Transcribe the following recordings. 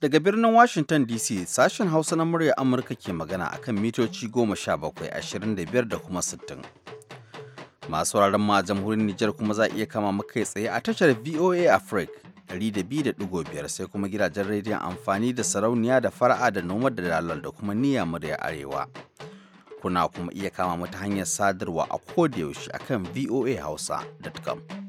Daga birnin Washington DC sashen Hausa na murya Amurka ke magana akan mitoci 17,25 da kuma 60. Masu wuraren ma a jamhuriyar Nijar kuma za iya kama makai tsaye a tashar VOA Africa biyar sai kuma gidajen rediyon amfani da sarauniya da fara'a da noma da dalal da kuma niyya murya arewa. Kuna kuma iya kama mata hanyar sadarwa a yaushe akan voahausa.com.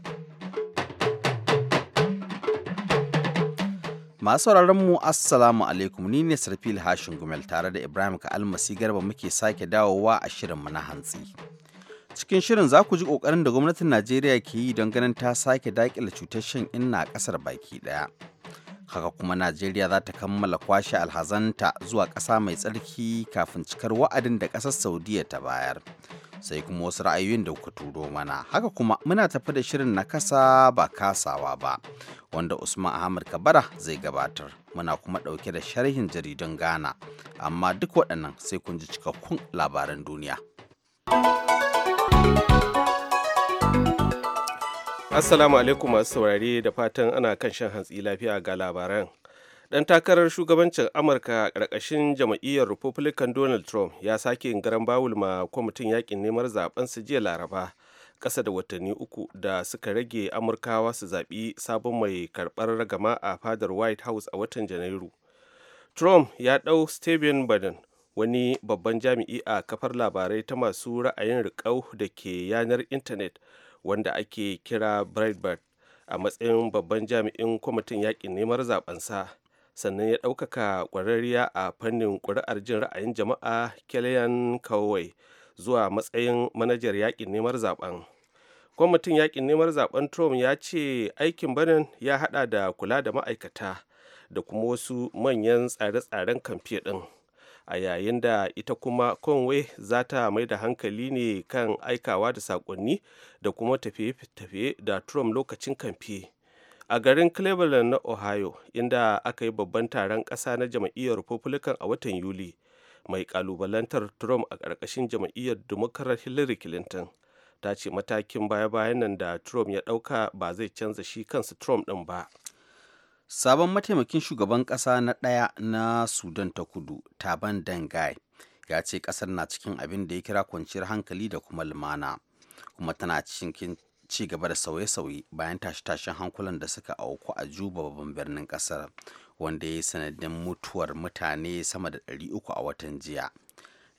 Masu mu Assalamu alaikum ni ne Sarfil Hashin Gumel tare da Ibrahim Ka'almasi Garba muke sake dawowa a shirin mu na hantsi. Cikin shirin za ku ji ƙoƙarin da gwamnatin Najeriya ke yi don ganin ta sake daƙila cutar shan inna ƙasar baki ɗaya. Haka kuma Najeriya za ta kammala kwashe alhazanta zuwa ƙasa mai tsarki kafin cikar wa'adin da ƙasar Saudiya ta bayar. sai kuma wasu ra'ayoyin da kuka turo mana haka kuma muna tafi da shirin na kasa ba kasawa ba wanda usman ahmad kabara zai gabatar muna kuma ɗauke da sharhin jaridun ghana amma duk waɗannan sai kun ji cikakkun labaran duniya assalamu alaikum masu saurare da fatan ana kan shan hantsi lafiya ga labaran dan takarar shugabancin amurka ƙarƙashin jam'iyyar republican donald trump ya sake garan bawul ma kwamitin yakin neman su jiya laraba ƙasa da watanni uku da suka rage amurkawa su zaɓi sabon mai karɓar ragama a fadar white house a watan janairu trump ya ɗau stephen biden wani babban jami'i a kafar labarai ta masu ra'ayin riƙau da ke yanar intanet wanda ake kira breitbart a matsayin babban jami'in kwamitin yaƙin neman zabensa sannan ya ɗaukaka ƙwararriya a fannin ƙuri'ar jin ra'ayin jama'a kellyanne kawai zuwa matsayin manajar yaƙin neman zaben kwamitin yaƙin neman zaben trump ya ce aikin banin ya haɗa da kula da ma'aikata da kuma wasu manyan tsare-tsaren kamfe ɗin a yayin da ita kuma conway za ta mai da hankali ne kan aikawa da saƙonni da kuma tafiye-tafiye da trump lokacin kamfe a garin cleveland na ohio inda aka yi babban taron ƙasa na jam'iyyar republican a watan yuli mai kalubalantar trump a ƙarƙashin jam'iyyar democrat hillary clinton ta ce matakin baya-bayan nan da trump ya ɗauka ba zai canza shi kansa trump ɗin ba sabon mataimakin shugaban ƙasa na ɗaya na sudan ta kudu taban dangai ya ce ƙasar na cikin abin da ya kira kwanciyar hankali da kuma lumana kuma tana cikin ci gaba da sauye-sauye bayan tashe-tashen hankulan da suka auku a juba babban birnin kasar wanda ya yi sanadin mutuwar mutane sama da 300 a watan jiya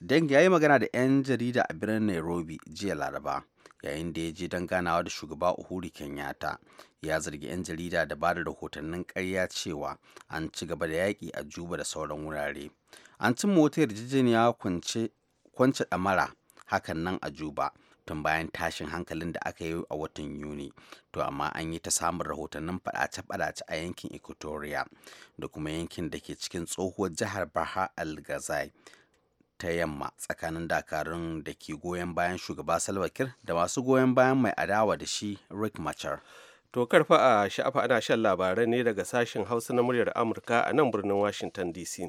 dangi ya yi magana da 'yan jarida a birnin nairobi jiya laraba yayin da ya je don ganawa da shugaba uhuru kenyatta ya zargi 'yan jarida da ba da rahotannin karya cewa an ci gaba da yaƙi a juba da sauran wurare an cimma wata yarjejeniya kwance ɗamara hakan nan a juba tun bayan tashin hankalin da aka yi a watan yuni to amma an yi ta samun rahotannin fadace-fadace a yankin equatoria da kuma yankin da ke cikin tsohuwar jihar baha al-gazai ta yamma tsakanin dakarun da ke goyon bayan shugaba salwa da masu goyon bayan mai adawa da shi rick machar to karfa a sha'afa ana shan labarai ne daga sashen hausa na muryar amurka a nan birnin washington dc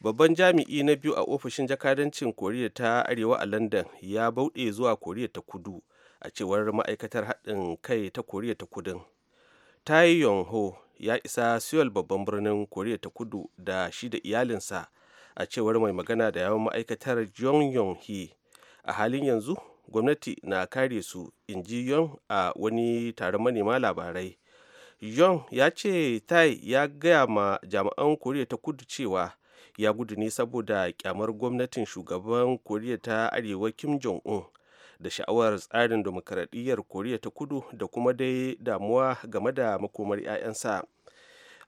babban jami'i na biyu a ofishin jakadancin koriya ta arewa a london ya bauɗe zuwa koriya ta kudu a cewar ma'aikatar haɗin kai ta koriya ta kudin tai yong ho ya isa seoul babban birnin koriya ta kudu da shi da iyalinsa a cewar mai magana da yawan ma'aikatar jong yong a halin yanzu gwamnati na kare su in ji yon a wani taron manema labarai yon ya ce tai ya gaya ma jami'an koriya ta kudu cewa ya gudu ne saboda kyamar gwamnatin shugaban koriya ta arewa kim jong-un da sha'awar tsarin demokaradiyyar koriya ta kudu da kuma dai damuwa game da makomar 'ya'yansa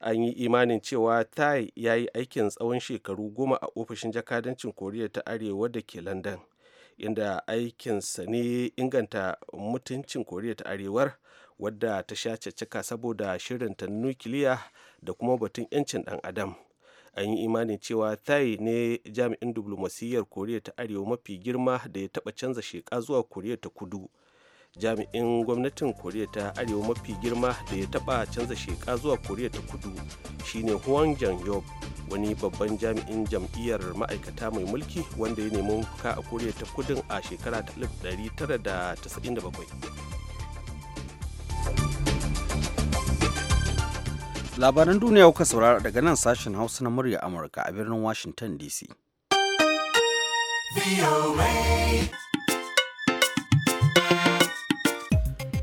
an yi imanin cewa tai ya yi aikin tsawon shekaru goma a ofishin jakadancin koriya ta arewa da ke london inda aikinsa ne inganta mutuncin koriya ta arewar wadda ta sha caccaka saboda shirinta nukiliya da kuma batun 'yancin dan adam an yi imanin cewa tai ne jami'in diplomasiyyar koriya ta arewa mafi girma da ya taba canza sheka zuwa koriya ta kudu jami'in gwamnatin koriya ta arewa mafi girma da ya taba canza sheka zuwa koriya ta kudu shine huang jang wani babban jami'in jam'iyyar ma'aikata mai mulki wanda ya nemi ka a koriya ta kudin a shekara 1997 labaran duniya kuka saurara daga nan sashen hausa na murya amurka a birnin washington dc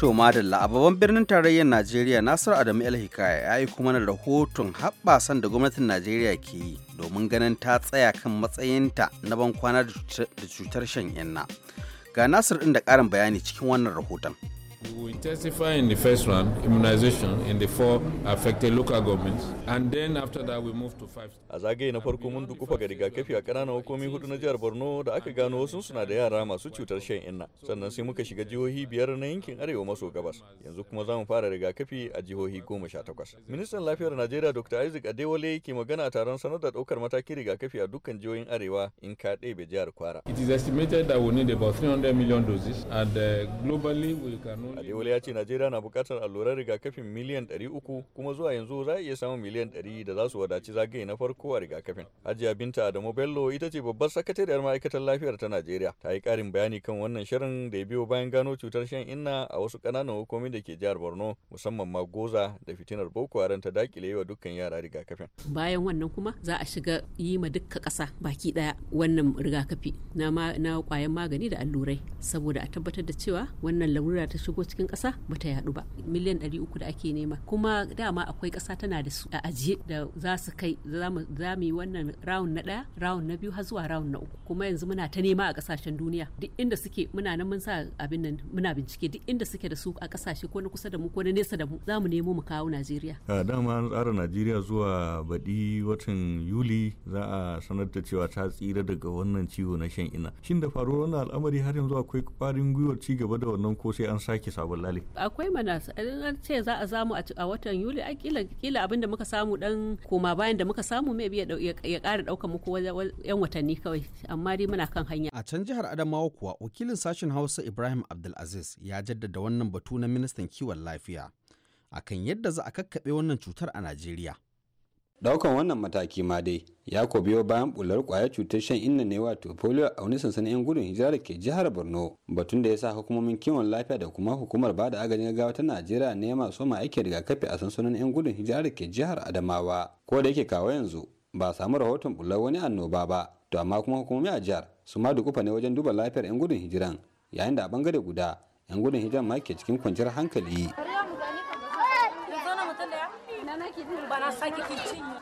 To madalla a babban birnin tarayyar Najeriya Nasir Adamu El Hikaya ya yi kuma na rahoton haɓasan da gwamnatin Najeriya ke yi domin ganin ta tsaya kan matsayinta na ban kwana da cutar shan 'yanna, Ga Nasir ɗin da ƙarin bayani cikin wannan rahoton. We will intensify in the first round immunization in the four affected local governments and then after that we move to five. A zagaye na farko mun dukufa ga rigakafi a kananan hukumi hudu na jihar Borno da aka gano wasu suna da yara masu cutar shan inna. Sannan sai muka shiga jihohi biyar na yankin arewa maso gabas. Yanzu kuma zamu mu fara rigakafi a jihohi goma sha takwas. Ministan lafiyar Najeriya Dr. Isaac Adewale ke magana a taron sanar da ɗaukar matakin rigakafi a dukkan jihohin arewa in ka ɗebe jihar Kwara. It is estimated that we need about 300 million doses and uh, globally we cannot Adewale ya ce Najeriya na bukatar allurar rigakafin miliyan 300 kuma zuwa yanzu za a iya samun miliyan 100 da za su wadaci zagaye na farko a rigakafin. Hajiya Binta Adamu Bello ita ce babbar sakatariyar ma'aikatar lafiyar ta Najeriya. Ta yi karin bayani kan wannan shirin da ya biyo bayan gano cutar shan inna a wasu kananan hukumomi da ke jihar Borno musamman ma Goza da fitinar Boko Haram ta dakile wa dukkan yara rigakafin. Bayan wannan kuma za a shiga yi ma dukka ƙasa baki ɗaya wannan rigakafi na kwayan magani da allurai saboda a tabbatar da cewa wannan larura ta shigo shigo cikin ƙasa ta yadu ba miliyan uku da ake nema kuma dama akwai ƙasa tana da su a ajiye da za su kai za mu yi wannan rawun na ɗaya round na biyu har zuwa round na uku kuma yanzu muna ta nema a ƙasashen duniya duk inda suke muna nan mun sa abin nan muna bincike duk inda suke da su a ƙasashe ko na kusa da mu ko na nesa da mu za mu nemo mu kawo Najeriya. A dama an tsara Najeriya zuwa baɗi watan Yuli za a sanar da cewa ta tsira daga wannan ciwo na shan ina. Shin da faruwar wannan al'amari har yanzu akwai ƙwarin gwiwar ci gaba da wannan ko sai an sake ake sabon akwai mana an ce za a samu a watan yuli a kila abin da muka samu dan koma bayan da muka samu mai biya ya ƙara ɗaukar muku yan watanni kawai amma dai muna kan hanya a can jihar adamawa kuwa wakilin sashen hausa ibrahim abdulaziz ya jaddada wannan batu na ministan kiwon lafiya akan yadda za a kakkaɓe wannan cutar a najeriya daukan wannan mataki ma dai ya ko biyo bayan bular kwayar cutar shan inna ne wato polio a wani sansanin yan gudun hijira da ke jihar borno batun da ya sa hukumomin kiwon lafiya da kuma hukumar ba da agajin gaggawa ta najeriya ne masu ma aiki kafi a sansanin yan gudun hijira da ke jihar adamawa ko da yake kawo yanzu ba samu rahoton bular wani annoba ba to amma kuma hukumomi a jihar su ma dukufa ne wajen duba lafiyar yan gudun hijiran yayin da a bangare guda yan gudun hijiran ma ke cikin kwanciyar hankali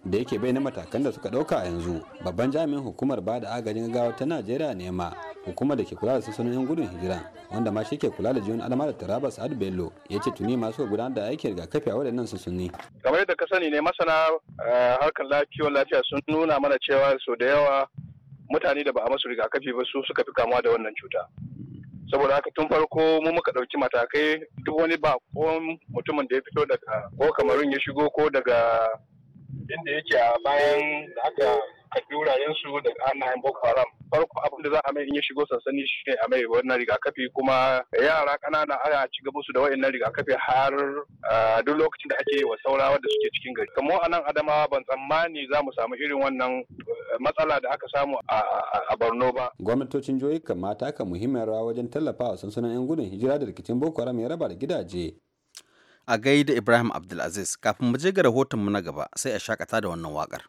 da yake bai na matakan da suka dauka yanzu babban jami'in hukumar ba da agajin gaggawa ta najeriya ne ma hukumar da ke kula da sansanonin gudun hijira wanda ma shi ke kula da jiyon alama da taraba sa'ad bello ya ce tuni masu gudanar da aikin rigakafi a waɗannan sansani. kamar yadda ka sani ne masana eh, harkar lafiyar lafiya sun nuna mana cewa sau da yawa mutane da ba a masu rigakafi ba su suka fi kamuwa da wannan cuta saboda haka tun farko mu muka ɗauki matakai duk wani ba ko mutumin da ya fito daga ko kamarun ya shigo ko daga inda yake a bayan da aka karbi wurarensu daga hannayen boko haram farko abin da za a mai in ya shigo sansani shi ne a mai wannan rigakafi kuma yara ƙanana ana ci gaba su da wa'annan rigakafi har duk lokacin da ake wa saurawa da suke cikin gari kamo a nan adama ban tsammani za mu samu irin wannan matsala da aka samu a borno ba gwamnatocin jihohi kamata taka muhimmiyar rawa wajen tallafawa sansanin 'yan gudun hijira da rikicin boko haram ya raba da gidaje a gaida ibrahim abdulaziz kafin mu je ga rahotonmu na gaba sai a shakata da wannan wakar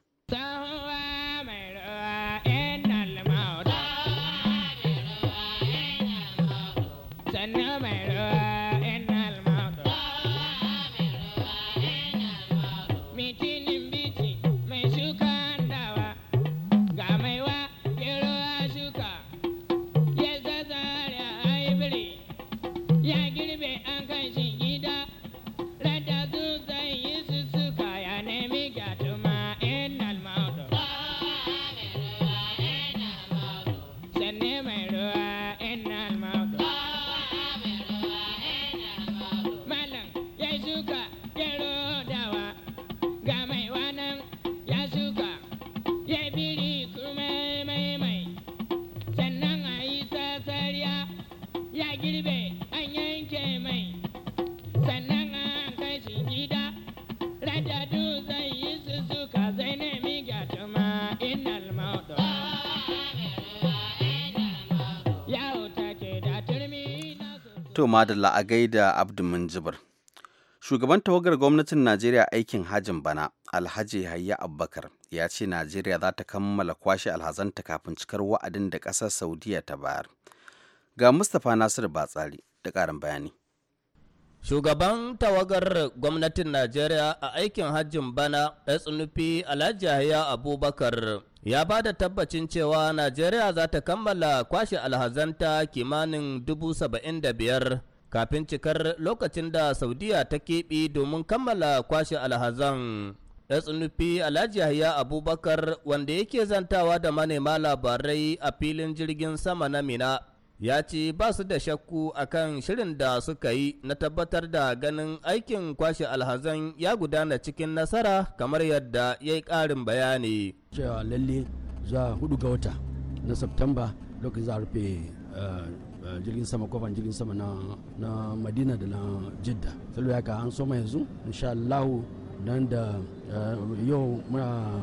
To madalla a gaida abdumin Jibir. Shugaban tawagar gwamnatin Najeriya aikin hajin bana, Alhaji Hayya Abubakar, ya ce Najeriya za ta kammala kwashe alhazanta kafin cikar wa'adin da ƙasar Saudiya ta bayar. Ga Mustapha Nasiru Batsari da karin bayani. Shugaban tawagar gwamnatin Najeriya a aikin hajjin bana, SNP Alhaji Hayya Abubakar ya ba da tabbacin cewa Najeriya za ta kammala kwashe alhazanta kimanin dubu saba'in da biyar kafin cikar lokacin da Saudiya ta keɓe domin kammala kwashe alhazan. SNP Alhaji Yahya Abubakar wanda yake zantawa da manema labarai a filin jirgin sama na Mina. ya ce ba su da shakku akan shirin da suka yi na tabbatar da ganin aikin kwashe alhazan ya gudana cikin nasara kamar yadda ya yi ƙarin bayani. cewa lalle za hudu ga wata na septemba lokacin za a rufe eh, eh, jirgin sama kofan jirgin sama na madina da na jidda salo ya ka an soma yanzu insha nan da eh, yau muna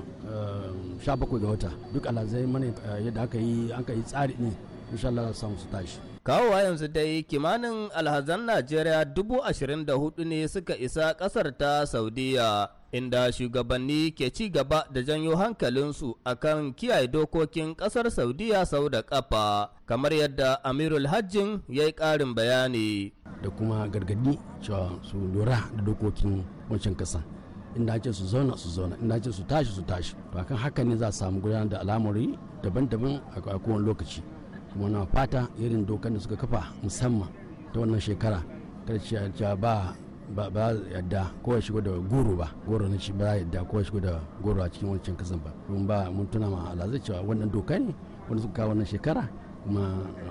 sha bakwai ga wata duk alhazai mana yadda aka yi tsari ne insha Allah za samu su tashi kawowa yanzu dai kimanin alhazan najeriya dubu ashirin da hudu ne suka isa kasar ta saudiya inda shugabanni ke ci gaba da janyo hankalinsu akan kiyaye dokokin kasar saudiya sau da kafa kamar yadda amirul hajjin ya yi karin bayani da kuma gargadi cewa su lura da dokokin wancan kasa inda ce su zauna su zauna inda ce su tashi su tashi to akan haka ne za a samu gudanar da al'amuri daban-daban a kowane lokaci kuma na fata irin dokan da suka kafa musamman ta wannan shekara kada ba ba ba yadda ya shigo da goro ba goro ne shi ba yadda ya shigo da goro a cikin wancan kasan ba don ba mun tuna ma alazai cewa wannan doka ne wanda suka kawo wannan shekara kuma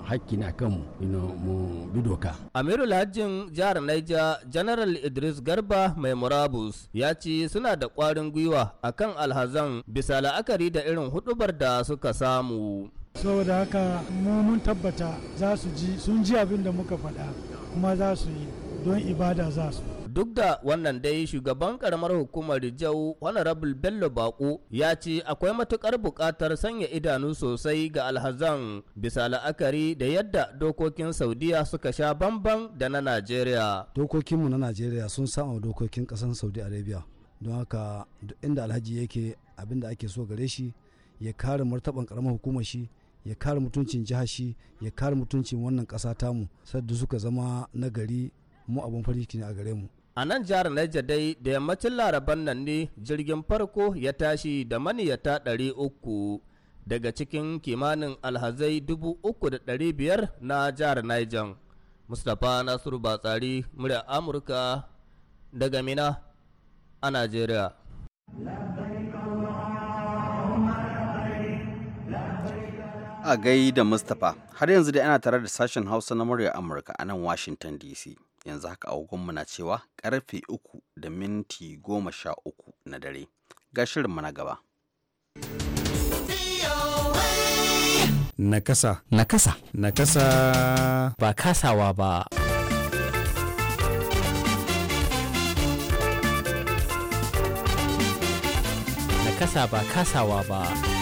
hakki ne akan mu mu bi doka Amiru Lajin jihar Niger General Idris Garba mai murabus ya ce suna da kwarin gwiwa akan alhazan bisa la'akari da irin hudubar da suka samu saboda haka mu mun tabbata za su ji sun ji abin da muka faɗa kuma za su yi don ibada za su duk da wannan dai shugaban karamar hukumar Rijau Honorable Bello Bako ya ce akwai matukar buƙatar sanya idanu sosai ga alhazan bisa la'akari da yadda dokokin Saudiya suka sha bamban da na Najeriya. Dokokinmu na Najeriya sun sama dokokin ƙasar Saudi Arabia don haka inda alhaji yake abinda ake so gare shi ya kare martaban karamar hukumar shi ya kare mutuncin jihashi shi ya kare mutuncin wannan ƙasa tamu sadda suka zama nagari mu abin farin ciki a gare mu a nan jihar Niger dai da yammacin laraban nan ne jirgin farko ya tashi da maniyata ɗari uku daga cikin kimanin alhazai dubu uku da ɗari biyar na jihar Niger mustapha nasiru batsari murya amurka daga mina a najeriya A gai da Mustapha, har yanzu dai ana tare da sashen Hausa na murya Amurka a nan Washington DC. Yanzu haka agogonmu na cewa karfe uku da minti goma sha uku na dare. Ga shirinmu na gaba. Nakasa. Nakasa. Nakasa. Ba kasawa ba. Nakasa ba kasawa ba.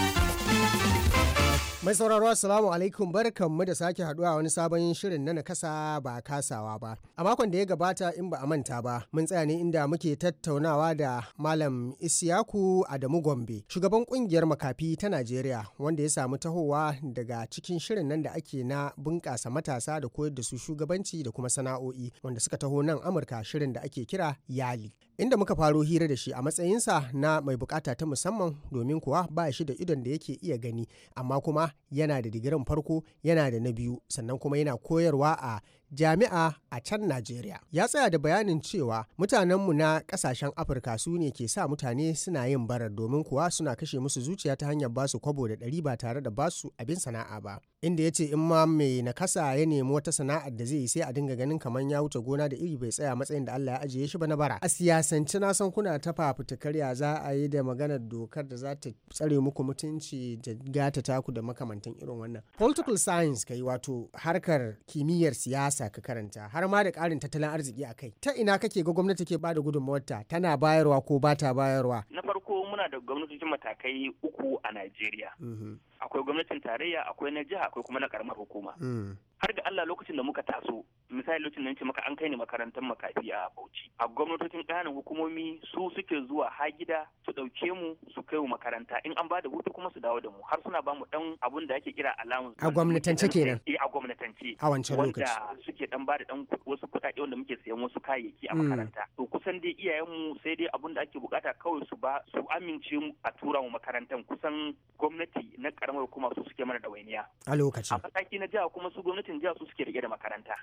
Mai sauraro Assalamu alaikum mu da sake haduwa wani sabon shirin na nakasa ba kasawa ba. A makon da ya gabata in ba a manta ba, mun tsaya ne inda muke tattaunawa da Malam Isiyaku Adamu Gombe, shugaban kungiyar makafi ta Najeriya, wanda ya samu tahowa daga cikin shirin nan da ake na bunƙasa matasa da koyar da su shugabanci da kuma sana'o'i, wanda suka taho nan Amurka shirin da ake kira Yali. inda muka faro hira da shi a matsayinsa na mai bukata ta musamman domin kuwa ba shi da idon da yake iya gani amma kuma yana da digirin farko yana da na biyu sannan kuma yana koyarwa a jami'a a can Najeriya. Ya tsaya da bayanin cewa mutanenmu na kasashen Afirka su ne ke sa mutane suna yin barar domin kuwa suna kashe musu zuciya ta hanyar basu kwabo da ɗari ba tare da basu abin sana'a ba. inda ya ce in ma mai nakasa ya nemi wata sana'ar da zai yi sai a dinga ganin kamar ya wuce gona da iri bai tsaya matsayin da Allah ya ajiye shi ba na bara a siyasance na san kuna ta fafutukar ya za a yi da maganar dokar da za ta tsare muku mutunci da gata taku da makamantan irin wannan political science kai wato harkar kimiyyar siyasa ka karanta har ma da karin tattalin arziki a kai ta ina kake ga gwamnati ke bada gudunmawarta tana bayarwa ko ba ta bayarwa na farko muna da gwamnatocin matakai uku a Najeriya. Mm-hmm. Akwai gwamnatin tarayya, akwai na jiha, akwai kuma na karamar hukuma. Mm-hmm. Har da Allah lokacin da muka taso, misali lokacin da ce maka an kai ni makarantar makafi a Bauchi. A gwamnatocin ƙananan hukumomi su suke zuwa ha gida su ɗauke mu su kai mu makaranta in an bada hutu kuma su dawo da mu har suna ba mu dan abun da ake kira allowance. A gwamnatance kenan. Eh a gwamnatance. A wancan lokaci. Wanda suke dan bada ɗan wasu kuɗaɗe wanda muke sayan wasu kayayyaki a mm. makaranta. To kusan dai iyayenmu sai dai abun da ake bukata kawai su ba su amince a tura mu makarantar kusan gwamnati na karamar hukuma su suke mana ɗawainiya. A lokacin A mataki na jiha kuma su gwamnatin jiha su suke rike da makaranta.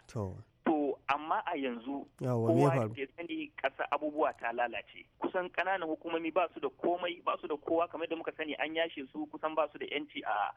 To amma a yanzu kowa ya sani ƙasa abubuwa ta lalace. Kusan ƙananan hukumomi ba su da komai ba su da kowa kamar da muka sani an yashe su kusan ba su da yanci a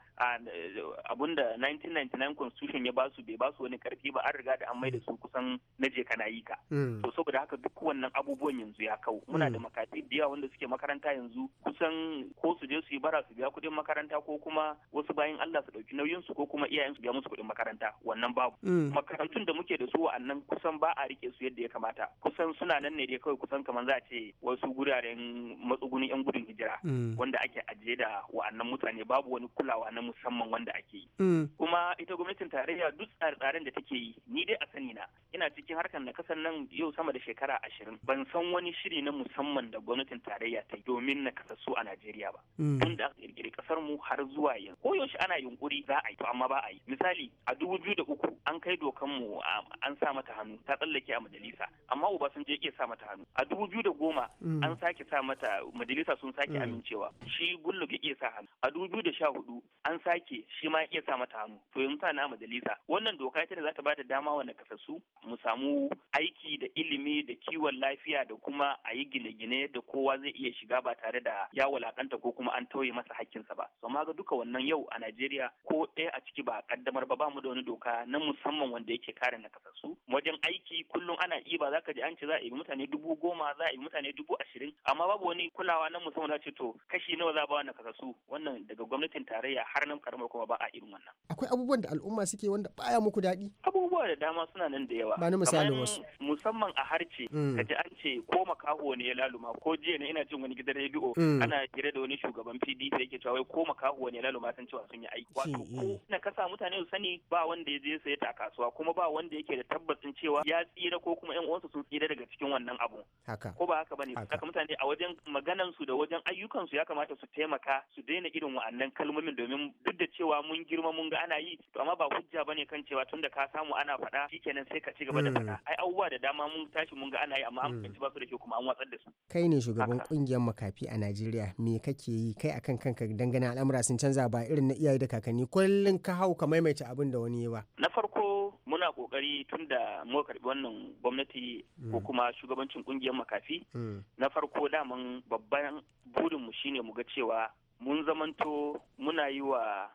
abunda 1999 constitution ya ba su bai ba su wani karfi ba an riga da an maida su kusan na je kana yi ka. Hmm. To saboda haka duk wannan abubuwan yanzu ya kau. Muna da hmm. makati da yawa wanda suke makaranta yanzu kusan ko su je su yi bara su biya kuɗin makaranta ko kuma wasu bayan Allah su ɗauki nauyin su ko kuma iyayen su biya musu kuɗin makaranta wannan babu. Hmm. Makarantun da muke da su wa'annan kusan ba a rike su yadda ya kamata kusan suna nan ne dai kawai kusan kamar za a ce wasu guraren matsugunin yan gudun hijira mm. wanda ake ajiye da wa'annan mutane babu wani kulawa na musamman wanda ake yi mm. kuma ita gwamnatin tarayya duk tsare-tsaren da take yi ni dai a sani na ina cikin harkar na kasan nan yau sama da shekara ashirin ban san wani shiri na musamman da gwamnatin tarayya ta yi domin na kasassu a Najeriya ba mm. tun da aka kirkiri kasar mu har zuwa yanzu ko yaushe ana yunkuri za a yi to amma ba a yi misali a dubu biyu da uku an kai dokan mu an an sa mata hannu ta tsallake a majalisa amma uba sun je iya sa mata hannu a dubu biyu da goma mm. an sake sa mata majalisa sun sake mm. amincewa shi Goodluck iya sa hannu a dubu biyu da sha hudu an sake shi ma sa mata hannu to yanzu sana majalisa wannan doka ita ne za ta bada dama wa nakasassu mu samu aiki da ilimi da kiwon lafiya da kuma a yi gine-gine da kowa zai iya shiga ba tare da ya walakanta ko kuma an tauye masa hakkinsa ba so ga duka wannan yau a Najeriya ko ɗaya a ciki ba a kaddamar ba ba mu da wani doka na musamman wanda yake kare nakasassu su wajen aiki kullum ana iba za ka ji an ce za a yi mutane dubu goma za a yi mutane dubu ashirin amma babu wani kulawa na musamman ce to kashi nawa za ba wannan kasasu wannan daga gwamnatin tarayya har nan karamar kuma ba a irin wannan. Akwai abubuwan da al'umma suke wanda baya muku daɗi? Abubuwa da dama suna nan da yawa. Bani misalin wasu. Musamman a harce mm. ka ji an ce ko makaho ne ya laluma ko jiya ne ina jin wani gidan rediyo mm. ana hira da wani shugaban PDP yake cewa wai ko makaho ne ya laluma sun cewa sun yi aiki. Wato ko eh. na kasa mutane su sani ba wanda ya je saya ta kasuwa kuma ba wanda yake da da tabbacin cewa ya tsira ko kuma yan uwansa sun tsira daga cikin wannan abu haka ko ba haka bane haka mutane a wajen maganan su da wajen ayyukan su ya kamata su taimaka su daina irin wa'annan kalmomin domin duk da cewa mun girma mun ga ana yi to amma ba hujja bane kan cewa tunda ka samu ana faɗa shikenan sai ka ci gaba da hmm. faɗa ai abubuwa da dama mun tashi mun ga ana yi amma an hmm. fahimci ba su da kyau kuma an watsar da su kai ne shugaban kungiyar makafi a Najeriya me kake yi kai akan kanka dangane al'amura sun canza ba irin na iyaye da kakanni kullun ka hau ka maimaita abin da wani ya ba na farko kokari tun da mu karbi wannan gwamnati ko mm. kuma shugabancin kungiyar makafi mm. na farko daman babban burinmu shine mu ga cewa mun zamanto muna yi wa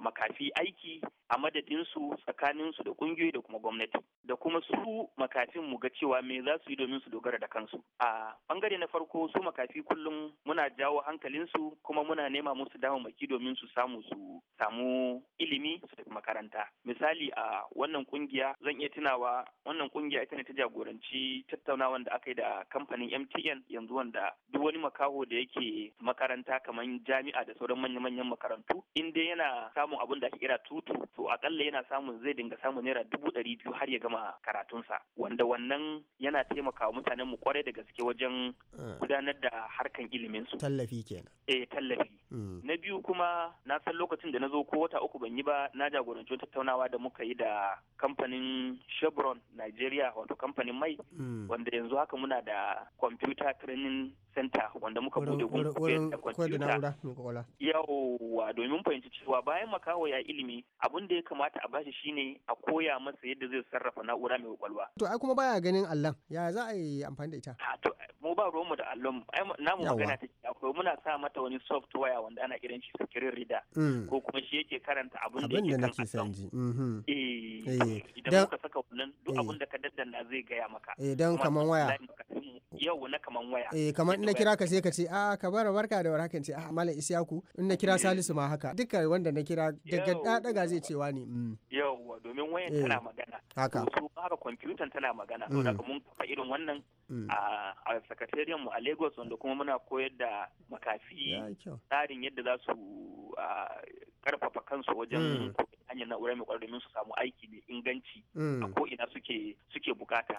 makafi aiki a madadinsu tsakaninsu da kungiyoyi da kuma gwamnati da kuma su makafin mu ga cewa me za su yi domin su dogara da kansu a bangare na farko su makafi kullum muna jawo hankalinsu kuma muna nema musu damamaki domin su samu su samu ilimi su tafi makaranta misali a wannan kungiya zan iya tunawa wannan kungiya ita ne ta jagoranci tattaunawan da aka yi da kamfanin MTN yanzu wanda duk wani makaho da yake makaranta kamar jami'a da sauran manya-manyan makarantu in dai yana samun abin da ake kira tutu to akalla yana samun zai dinga samun naira dubu ɗari biyu har ya gama karatunsa wanda wannan yana taimakawa mutanen mu kwarai da gaske wajen eh. gudanar da harkan ilimin su tallafi kenan eh tallafi hmm. na biyu kuma na san lokacin da na zo ko wata uku ban yi ba na jagoranci tattaunawa da muka yi da kamfanin Chevron Nigeria wato kamfanin mai hmm. wanda yanzu haka muna da computer training center wanda muka bude yawwa domin fahimci cewa bayan makaho ya ilimi abin da ya kamata a bashi shine a koya masa yadda zai sarrafa na'ura mai kwakwalwa to ai kuma baya ganin allon ya za a yi amfani da ita to mu ba ruwanmu da allon ai namu magana ta akwai muna sa mata wani software wanda ana kiran shi screen reader mm. ko kuma shi yake karanta abin da yake kan allon mm-hmm. eh, eh idan muka saka wannan duk eh. abin da ka daddana zai gaya maka eh don waya yau na kaman waya eh kaman na kira ka sai ka ce a ka bara barka da warhaka ce a malam isyaku in na kira Salisu ma haka dukkan wanda na kira daga daga zai cewa ne yawwa domin wayan tana eh, magana haka su fara kwamfutan tana magana to mm. daga mun kafa irin wannan mm. a sakatariyar mu a Lagos wanda kuma muna koyar da makafi tsarin yadda za su karfafa kansu wajen mm. hanyar na'ura mai kwarar domin su samu aiki mai inganci mm. a ko ina suke suke bukata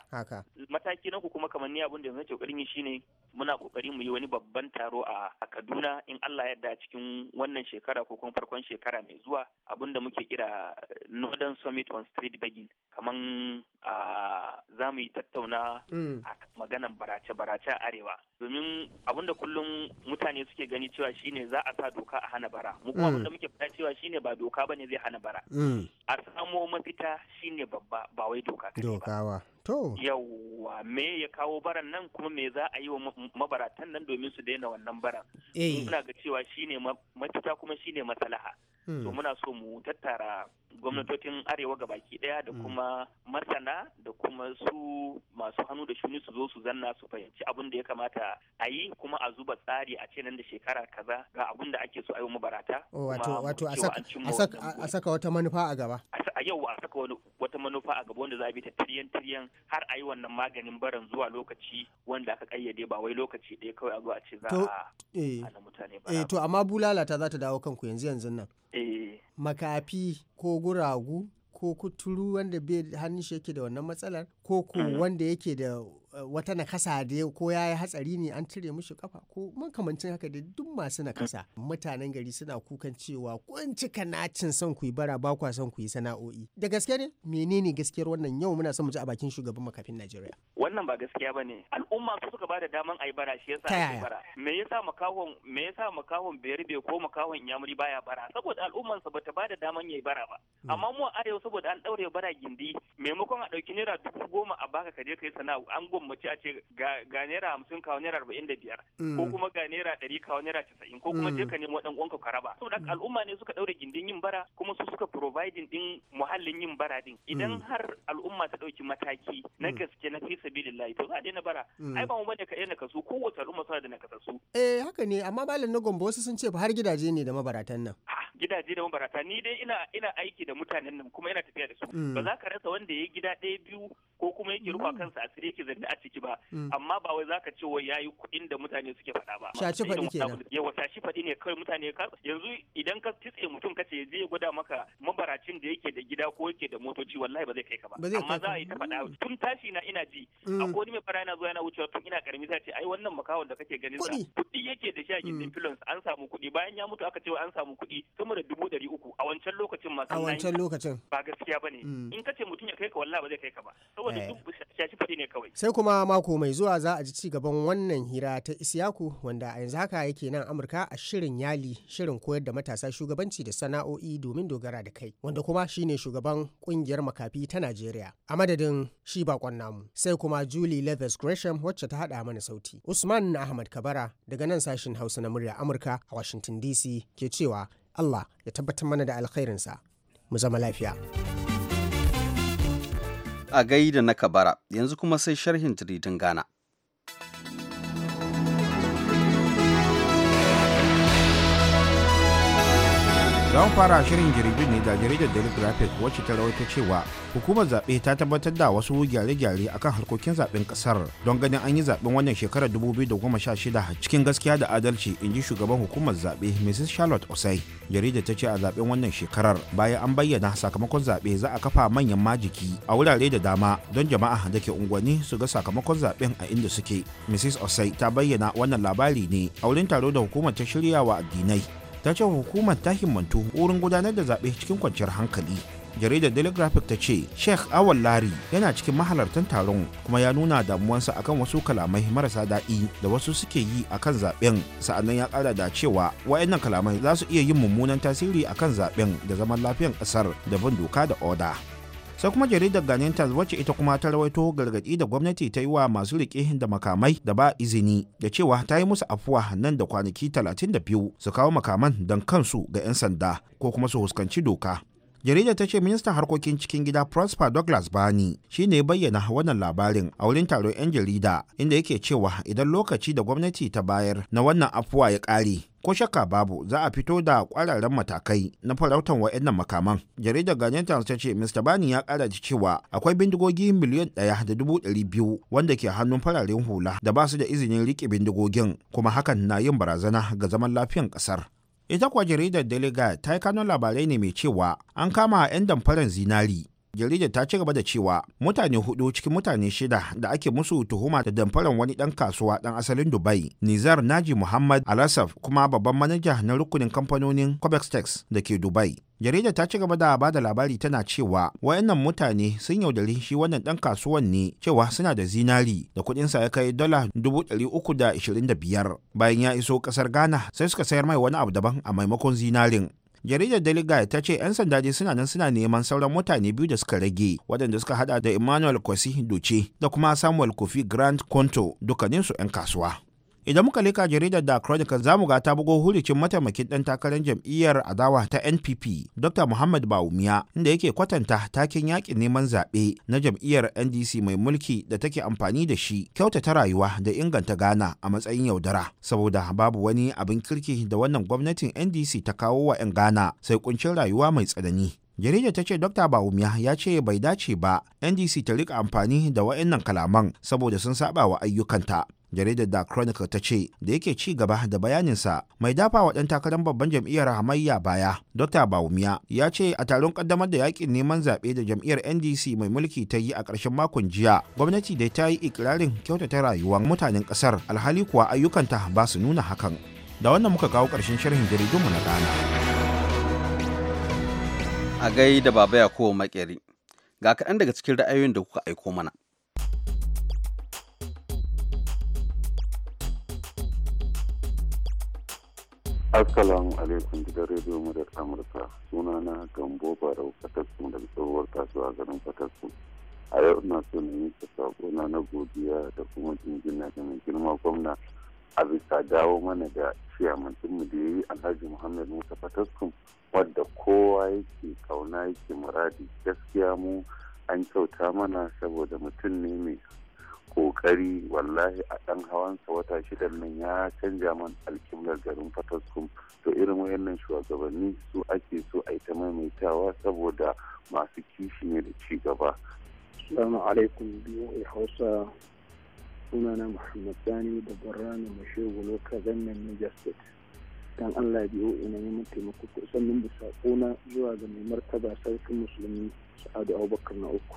mataki na ku kuma kamar ni abin da yanzu kokarin yi shine muna kokari mu yi wani babban taro a Kaduna in Allah ya yarda cikin wannan shekara ko kuma farkon shekara mai zuwa abin da muke kira Northern Summit on Street Begging kaman za mu yi tattauna mm. a maganan barace-barace a arewa domin abin da kullum mutane suke gani cewa shine za a sa doka a hana bara mu kuma abin mm. da muke fata cewa shine ba doka bane zai hana bara 嗯。a samo mafita shine babba ba wai doka dokawa to yawwa me ya kawo baran nan kuma me za a yi wa mabaratan nan domin su daina wannan baran eh. muna ga cewa shine mafita kuma shine masalaha. Hmm. to muna so mu tattara gwamnatocin arewa ga baki daya da hmm. kuma masana da kuma su masu hannu da shuni su zo su zanna su fahimci abin da ya kamata a yi kuma a zuba tsari a ce nan da shekara kaza ga abin da ake so a yi mabarata oh, wato a saka wata manufa a gaba a yau a saka wata manufa a gaba wanda za a bi ta tiryan tiryan har a yi wannan maganin barin zuwa lokaci wanda aka kayyade ba wai lokaci ɗaya kawai a zo a ce za a eh, na mutane ba. Eh, to amma bulalata za ta dawo kanku yanzu yanzu nan. Eh. makafi ko guragu ko kuturu wanda bai hannun shi yake da wannan matsalar ko ko mm. wanda yake da wata nakasa da ko ya yi hatsari ne an cire mushi kafa ko makamancin haka da duk masu nakasa mutanen gari suna kukan cewa kun cika nacin son ku yi bara ba kwa son ku yi sana'o'i da gaske ne menene gaskiyar wannan yau muna son mu ji a bakin shugaban makafin Najeriya wannan ba gaskiya bane al'umma su suka bada daman ayi bara shi yasa ayi bara me yasa makahon me yasa makahon Berbe ko makahon Yamuri baya bara saboda al'umman sa bata bada daman yayi bara ba hmm. amma mu a arewa saboda an daure bara gindi maimakon a dauki naira dubu goma a baka ka je kai sana'a an mace a ce ga naira hamsin kawo naira arba'in da biyar mm. ko kuma ga naira ɗari kawo naira casa'in ko kuma mm. je ka nemo ɗan uwanka ka raba saboda mm. al'umma ne suka ɗaure gindin yin bara kuma su suka providing din muhallin yin bara din idan har al'umma ta ɗauki mataki na gaske na fi sabilillahi to za a daina bara ai ba mu bane ka daina kasu wasu al'umma suna da nakasassu eh haka ne amma malam na gombe wasu sun ce har gidaje ne da mabaratan nan ah, gidaje da mabarata ni dai ina ina aiki da mutanen nan kuma ina tafiya da su ba za ka rasa wanda ya gida ɗaya biyu ko kuma yake rufa kansa asiri yake zanda a ciki ba hmm. amma ba wai zaka ce wai yayi kuɗin da mutane suke faɗa ba shaci faɗi kenan yawa shaci faɗi ne kawai mutane yanzu idan ka titse mutum kace ya je gwada maka mabaracin da yake da gida ko yake da motoci wallahi ba zai kai ka ba amma za a yi ta faɗa hmm. tun tashi na ina ji hmm. a ni mai fara yana zuwa yana wucewa tun ina karami sai ce ai wannan makawon da kake ganin sa kuɗi yake da shi a gindin filons an samu kuɗi bayan ya mutu aka ce an samu kuɗi sama da dubu ɗari uku a wancan lokacin ma a wancan lokacin ba gaskiya bane in ce mutum ya kai ka wallahi ba zai kai ka ba saboda eh. duk shashi faɗi ne kawai sai kuma mako mai zuwa za a ji ci gaban wannan hira ta Isiyaku wanda a yanzu haka yake nan Amurka a shirin yali shirin koyar da matasa shugabanci da sana'o'i domin dogara da kai wanda kuma shine shugaban kungiyar makafi ta Najeriya. A madadin shi bakon namu sai kuma Julie Leathers Gresham wacce ta hada mana sauti. Usman Ahmad Kabara daga nan sashin Hausa na murya Amurka a Washington DC ke cewa Allah ya tabbatar mana da alkhairinsa. Mu zama lafiya. a gaida na kabara yanzu kuma sai sharhin jaridun Ghana. za fara shirin jirgin ne da jaridar daily graphic wacce ta rawaita cewa hukumar zaɓe ta tabbatar da wasu gyare-gyare akan harkokin zaɓen ƙasar don ganin an yi zaɓen wannan shekarar 2016 cikin gaskiya da adalci in ji shugaban hukumar zaɓe mrs charlotte osai jaridar ta ce a zaɓen wannan shekarar bayan an bayyana sakamakon zaɓe za a kafa manyan majiki a wurare da dama don jama'a da ke unguwanni su ga sakamakon zaɓen a inda suke mrs osai ta bayyana wannan labari ne a wurin taro da hukumar ta shirya wa addinai ta ce hukumar ta himmantu wurin gudanar da zaɓe cikin kwanciyar hankali jaridar daily graphic ta ce sheikh awal lari yana cikin mahalartan taron kuma ya nuna damuwansa akan wasu kalamai marasa daɗi da wasu suke yi akan zaɓen sa'annan ya ƙara da cewa wayannan kalamai za su iya yin mummunan tasiri akan zaɓen da zaman lafiyan ƙasar da bin doka da oda sai kuma jaridar ganin Times wacce ita kuma ta rawaito gargaɗi da gwamnati ta yi wa masu riƙe da makamai da ba izini da cewa ta yi musu afuwa nan da kwanaki 32 su kawo makaman don kansu ga 'yan sanda ko kuma su huskanci doka. Jaridar ta ce ministan harkokin cikin gida Prosper Douglas Bani shi ne bayyana wannan labarin a wurin taron 'yan jarida inda yake cewa idan lokaci da gwamnati ta bayar na wannan afuwa ya ƙare ko shakka babu za a fito da kwararren matakai na farautan wa'annan makaman jaridar ganin ta ce mr bani ya kara da cewa akwai bindigogi miliyan ɗaya da dubu ɗari biyu wanda ke hannun fararen hula da ba su da izinin rike bindigogin kuma hakan na yin barazana ga zaman lafiyan kasar. ita kuwa jaridar delegate ta yi kano labarai ne mai cewa an kama 'yan damfaran zinari Jarida ta ci gaba da cewa mutane hudu cikin mutane shida da ake musu tuhuma da damfaran wani dan kasuwa dan asalin dubai nizar naji muhammad alasaf kuma babban manaja na rukunin kamfanonin quebec tex da ke dubai Jarida ta ci gaba da ba da labari tana cewa wayannan mutane sun yaudari shi wannan dan kasuwan ne cewa suna da zinari da sa ya kai dala 325 bayan ya iso kasar ghana sai suka sayar mai wani abu daban a maimakon zinarin jaridar daily ta ce 'yan sanda dai suna nan suna neman sauran mutane biyu da suka rage waɗanda suka hada da emmanuel kwasi duce da kuma samuel kofi grand conto dukkaninsu 'yan kasuwa idan muka leka jaridar da chronicle mu ga ta bugo hulicin mataimakin dan takarar jam'iyyar adawa ta npp dr muhammad bawumiya inda yake kwatanta takin yakin neman zaɓe na jam'iyyar ndc mai mulki da take amfani da shi kyautata rayuwa da inganta ghana a matsayin yaudara saboda babu wani abin kirki da wannan gwamnatin ndc ta kawo wa 'yan ghana sai kuncin rayuwa mai tsanani jaridar ta ce dr baumiya ya ce bai dace ba ndc ta rika amfani da wa'annan kalaman saboda sun saba wa ayyukanta jaridar da chronicle ta ce da yake ci gaba da bayaninsa mai dafa wa ɗan takarar babban jam'iyyar hamayya baya dr bawumiya ya ce a taron kaddamar da yakin neman zaɓe da jam'iyyar ndc mai mulki ta yi a ƙarshen makon jiya gwamnati da ta yi ikirarin kyautata rayuwar mutanen ƙasar alhali kuwa ayyukanta ba su nuna hakan da wannan muka kawo ƙarshen sharhin jaridunmu na rana. a gai da baba ya yakubu makeri ga kaɗan daga cikin ra'ayoyin da kuka aiko mana assalamu alaikum gidan rediyo amurka suna na gambo barau fatasku daga tsohuwar kasuwa garin fatasku a yau ina so na yi sako na na godiya da kuma jinjina da mai girma gwamna a bisa dawo mana da ciyaman mu da ya yi alhaji muhammad musa fataskun wadda kowa yake kauna yake muradi gaskiya mu an kyauta mana saboda mutum ne mai kokari wallahi a ɗan hawansa wata shidan nan ya canja man alkimlar garin fataskum to irin wayannan shugabanni su ake so a ta maimaitawa saboda masu kishi ne da cigaba. gaba. Assalamu alaikum biyu hausa sunana muhammad sani da barrani mai shegulu ka new york state dan allah biyu ina neman taimako ko sannan da zuwa ga mai martaba sarkin musulmi sa'adu abubakar na uku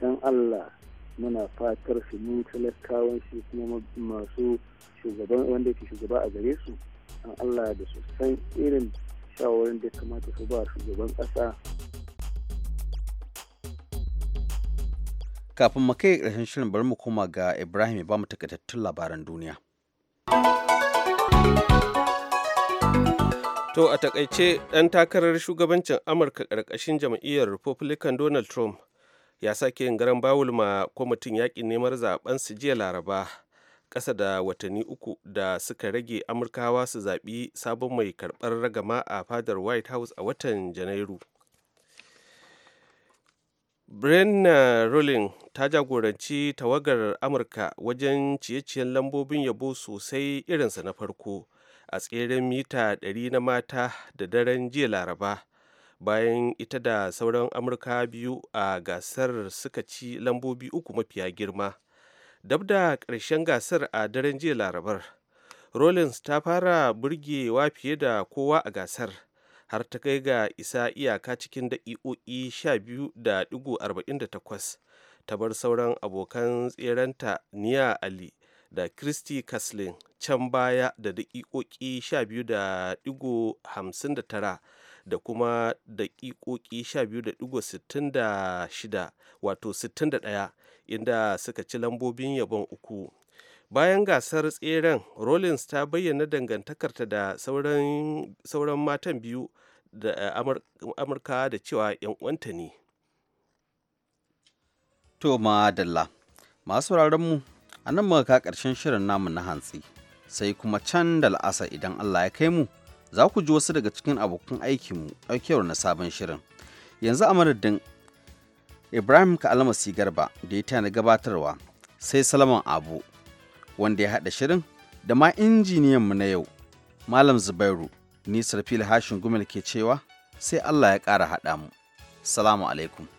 dan allah muna fatar su mun talakawan shi kuma masu shugaban wanda yake shugaba a gare su don allah da su san irin shawarar da kamata su ba shugaban ƙasa kafin mu kai ƙarshen shirin bari mu koma ga ibrahim ya ba mu takaitattun labaran duniya to a takaice ɗan takarar shugabancin amurka ƙarƙashin jam'iyyar republican donald trump ya sake yin garan bawul ma kwamitin yaƙin neman zaben su jiya laraba ƙasa da watanni uku da suka rage amurkawa su zaɓi sabon mai karɓar ragama a fadar white house a watan janairu brenna rolling ta jagoranci tawagar amurka wajen ciye-ciyen lambobin yabo sosai irinsa na farko a tseren mita 100 na mata da daren jiya laraba bayan ita da sauran amurka biyu a gasar suka ci lambobi uku mafiya girma dab da ƙarshen gasar a daren jiya larabar rollins ta fara burgewa fiye da kowa a gasar har ta kai ga isa iyaka cikin daƙiƙoƙi 12.48 ta bar sauran abokan tseranta niya ali da christy kaslin can baya da daƙiƙoƙi 12.59 da kuma daƙiƙoƙi 12.66 wato 61 inda suka ci lambobin yabon uku bayan gasar tseren rollins ta bayyana dangantakarta da sauran matan biyu da eh, amurka da cewa 'yan uwanta ne to madalla masu mu a nan muka karshen shirin namu na hantsi sai kuma can da la'asa idan allah ya kai mu za ku ji wasu daga cikin abokan aikinmu ɗaukewar na sabon shirin yanzu a madadin ibrahim ka almasi garba da ya tana gabatarwa sai salaman abu wanda ya haɗa shirin da ma injiniyanmu na yau malam zubairu ni sarfil hashin gumel ke cewa sai allah ya ƙara haɗa mu salamu alaikum